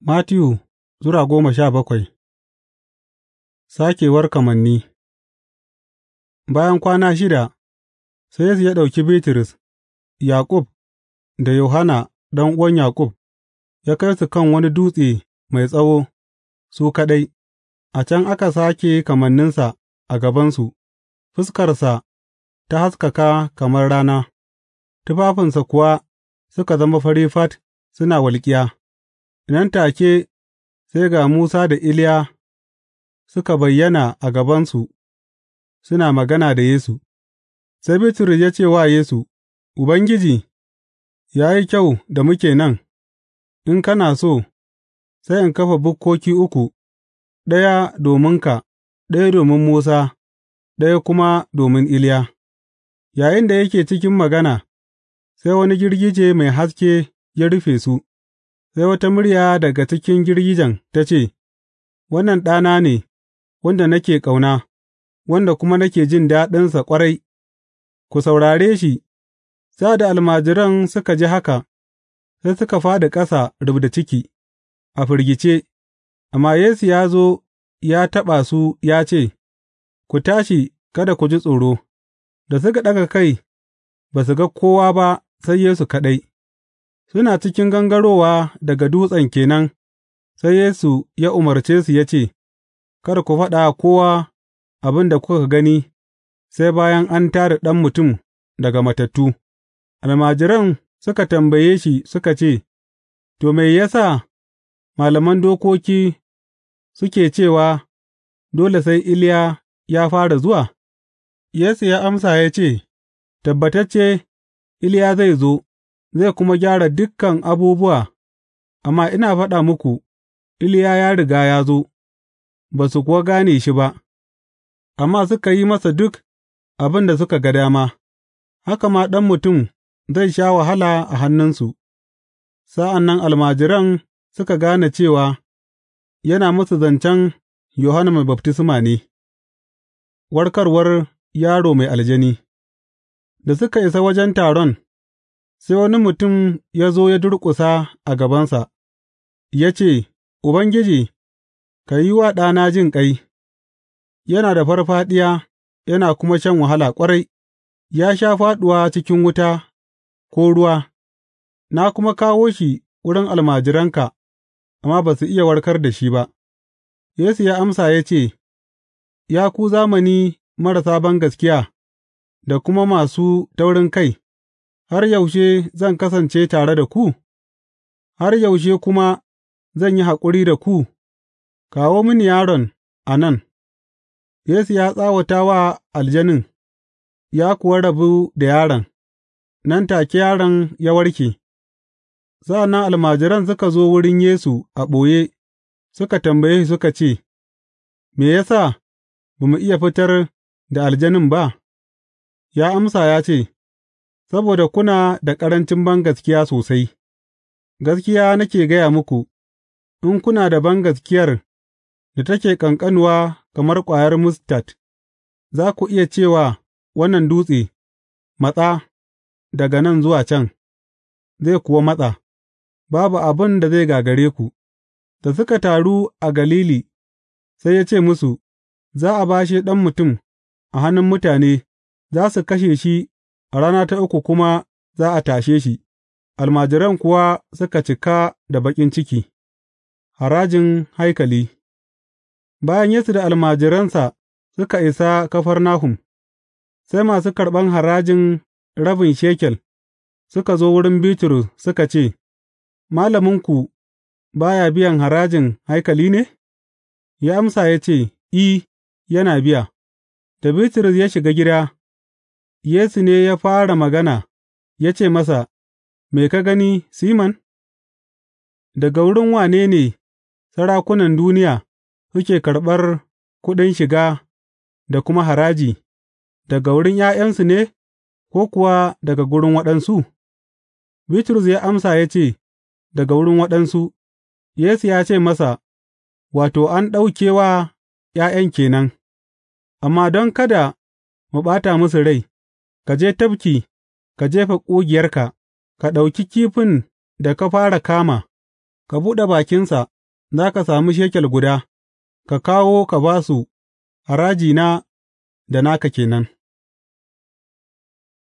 Matiyu Sura goma sha bakwai Sakewar kamanni Bayan kwana shida, sai Yesu ya ɗauki Bitrus, Yaƙub da Yohana ɗan uwan Yaƙub, ya kai su kan wani dutse mai tsawo, su kaɗai, a can aka sake kamanninsa a gabansu, fuskarsa ta haskaka kamar rana, tufafinsa kuwa suka zama fari fat suna walƙiya. Nan take sai ga Musa da Iliya suka bayyana a gabansu suna magana da Yesu, sai Bitrus ya ce wa Yesu, Ubangiji, ya yi kyau da muke nan, in kana so, sai in kafa bukkoki uku, ɗaya dominka, ɗaya domin Musa, ɗaya kuma domin Iliya. Yayin da yake cikin magana, sai wani girgije mai haske ya rufe su. Sai wata murya daga cikin girgijen ta ce, Wannan ɗana ne, wanda nake ƙauna, wanda kuma nake jin daɗinsa ƙwarai, ku saurare shi, Sa da almajiran suka ji haka, sai suka fāɗi ƙasa rubda ciki, a firgice, amma Yesu ya zo ya taɓa su ya ce, Ku tashi, kada ku ji tsoro, da suka ɗaga kai, ba su ga kowa ba sai Yesu kaɗai. Suna cikin gangarowa daga dutsen ke nan, sai Yesu ya umarce su ya ce, Kada ku faɗa kowa abin da kuka gani, sai bayan an tara Ɗan Mutum daga matattu. Almajiran suka tambaye shi suka ce, To, me ya sa malaman dokoki suke cewa dole sai Iliya ya fara zuwa? Yesu ya amsa ya ce, Tabbatacce, Iliya zai zo. zai kuma gyara dukan abubuwa, amma ina faɗa muku, Iliya ya riga ya zo, ba su kuwa gane shi ba, amma suka yi masa duk abin da suka ga dama, haka ma Ɗan Mutum zai sha wahala a hannunsu. Sa'an nan almajiran suka gane cewa yana musu zancen Yohanna Mai Baftisma ne, warkarwar yaro mai aljani, da suka isa wajen taron. Sai wani mutum ya zo ya durƙusa a gabansa, ya ce, Ubangiji, ka yi wa ɗana jin ƙai. yana da farfaɗiya yana kuma shan wahala ƙwarai, ya sha fāɗuwa cikin wuta ko ruwa, na kuma kawo shi wurin almajiranka, amma ba su iya warkar da shi ba. Yesu ya amsa ya ce, Ya ku zamani marasa gaskiya da kuma masu kai. Har yaushe zan kasance tare da ku, har yaushe kuma zan yi haƙuri da ku, kawo mini yaron a nan, Yesu ya tsawata wa aljanin, ya kuwa rabu da yaron, nan take yaron ya warke, sa'an nan almajiran suka zo wurin Yesu a ɓoye, suka tambaye suka ce, Me ya sa ba mu iya fitar da aljanin ba? Ya amsa ya ce, Saboda kuna da ƙarancin bangaskiya sosai, gaskiya nake gaya muku, in kuna da bangaskiyar da take ƙanƙanuwa kamar ƙwayar mustad, za ku iya cewa wannan dutse, Matsa daga nan zuwa can,’ zai kuwa matsa, babu abin da zai gagare ku, da suka taru a Galili, sai ya ce musu, Za a bashe Ɗan Mutum a hannun mutane, za su kashe shi a rana ta uku kuma za a tashe shi, almajiran kuwa suka cika da baƙin ciki. Harajin haikali Bayan Yesu da almajiransa suka isa kafar nahum. sai masu karɓan harajin rabin shekel suka zo wurin Bitrus suka ce, Malaminku ba ya biyan harajin haikali ne? Ya amsa ya ce, I, yana biya, da Bitrus ya shiga gida. Yesu ne ya fara magana, ya ce masa, Me ka gani, Siman, daga wurin wane ne sarakunan duniya suke karɓar kuɗin shiga da kuma haraji, daga wurin ’ya'yansu ne, ko kuwa daga gurin waɗansu? Bitrus ya amsa ya ce, Daga wurin waɗansu, Yesu ya ce masa, Wato, an ɗauke wa ’ya'yan kenan. amma don kada mu ɓata musu rai. Ka je tafki ka jefa ƙugiyarka, ka ɗauki kifin da ka fara kama, ka buɗe bakinsa, za ka sami shekel guda, ka kawo ka ba su, harajina da naka kenan. nan.